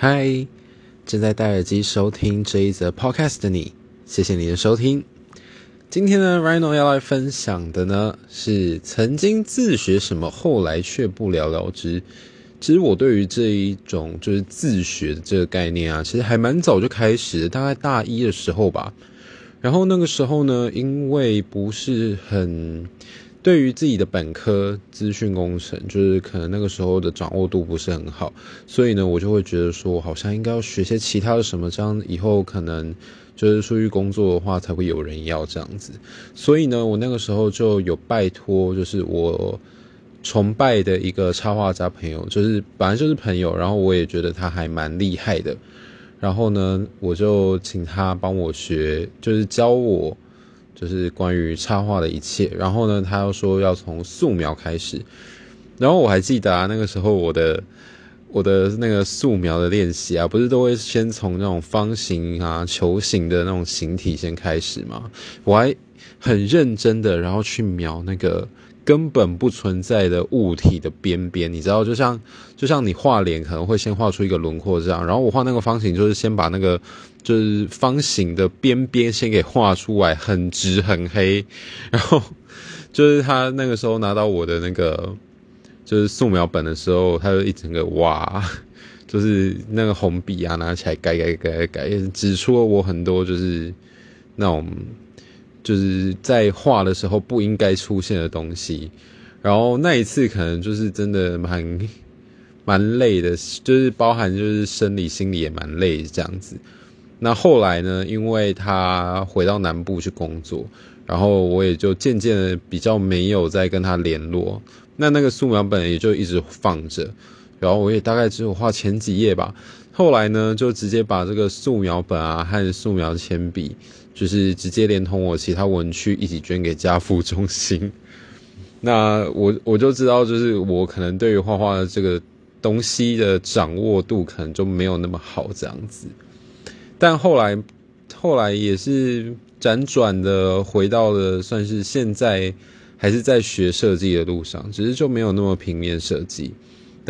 嗨，Hi, 正在戴耳機收聽這一則 podcast 的你，謝謝你的收聽。今天呢，Rino 要來分享的呢，是曾經自學什麼，後來卻不了了之。其實我對於這一種就是自學的這個概念啊，其實還蠻早就開始，大概大一的時候吧。然後那個時候呢，因為不是很。對於自己的本科資訊工程，就是可能那個時候的掌握度不是很好，所以呢，我就會覺得說，我好像應該要學些其他的什麼，這樣以後可能就是出去工作的話才會有人要這樣子。所以呢，我那個時候就有拜託，就是我崇拜的一個插畫家朋友，就是本來就是朋友，然後我也覺得他還蠻厲害的，然後呢，我就請他幫我學，就是教我。就是關於插畫的一切，然後呢，他又說要從素描開始，然後我還記得啊，那個時候我的我的那個素描的練習啊，不是都會先從那種方形啊、球形的那種形體先開始嗎？我還很認真的，然後去描那個。根本不存在的物體的邊邊，你知道，就像就像你畫臉可能會先畫出一個輪廓這樣，然後我畫那個方形就是先把那個就是方形的邊邊先給畫出來，很直很黑，然後就是他那個時候拿到我的那個就是素描本的時候，他就一整個哇，就是那個紅筆啊拿起來改改改改，也指出了我很多就是那種。就是在畫的時候不應該出現的東西，然後那一次可能就是真的蠻蠻累的，就是包含就是生理心理也蠻累這樣子。那後來呢，因為他回到南部去工作，然後我也就漸漸的比較沒有再跟他聯絡，那那個素描本也就一直放着。然後我也大概只有畫前幾頁吧，後來呢，就直接把這個素描本啊和素描鉛筆，就是直接連同我其他文具一起捐給家扶中心。那我我就知道，就是我可能對於畫畫的這個東西的掌握度，可能就沒有那麼好這樣子。但後來後來也是輾轉的回到了，算是現在還是在學設計的路上，只是就沒有那麼平面設計。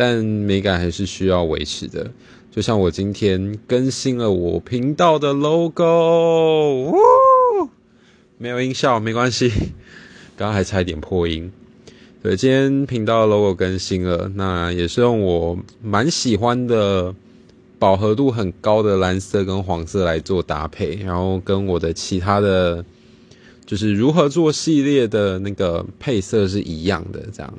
但美感還是需要維持的，就像我今天更新了我頻道的 logo，沒有音效沒關係，剛剛還差一點破音。對，今天頻道的 logo 更新了，那也是用我蠻喜歡的飽和度很高的藍色跟黃色來做搭配，然後跟我的其他的就是如何做系列的那個配色是一樣的，這樣。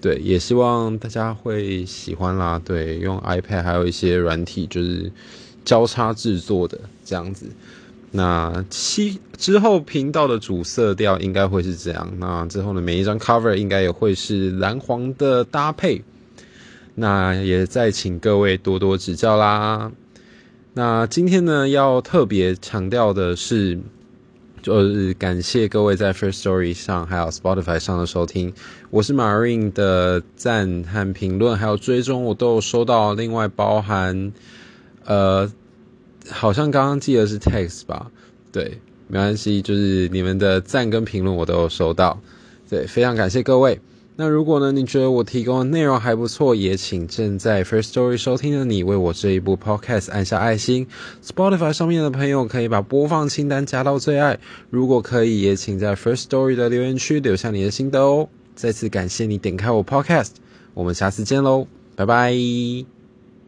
對，也希望大家會喜歡啦。對，用 iPad 還有一些軟體，就是交叉制作的這樣子。那其之後頻道的主色調應該會是這樣。那之後呢，每一張 cover 應該也會是藍黃的搭配。那也再請各位多多指教啦。那今天呢，要特別強調的是。就是感謝各位在 Firstory 上，還有 Spotify 上的收聽，我是 Marine 的贊和評論，還有追蹤我都有收到。另外包含，呃，好像剛剛記得是 Text 吧？對，沒關係，就是你們的贊跟評論我都有收到。對，非常感謝各位。那如果呢？你覺得我提供的內容還不錯，也請正在 First Story 收聽的你為我這一部 Podcast 按下愛心。Spotify 上面的朋友可以把播放清單加到最愛。如果可以，也請在 First Story 的留言區留下你的心得哦。再次感謝你點開我 Podcast，我們下次見嘍，拜拜。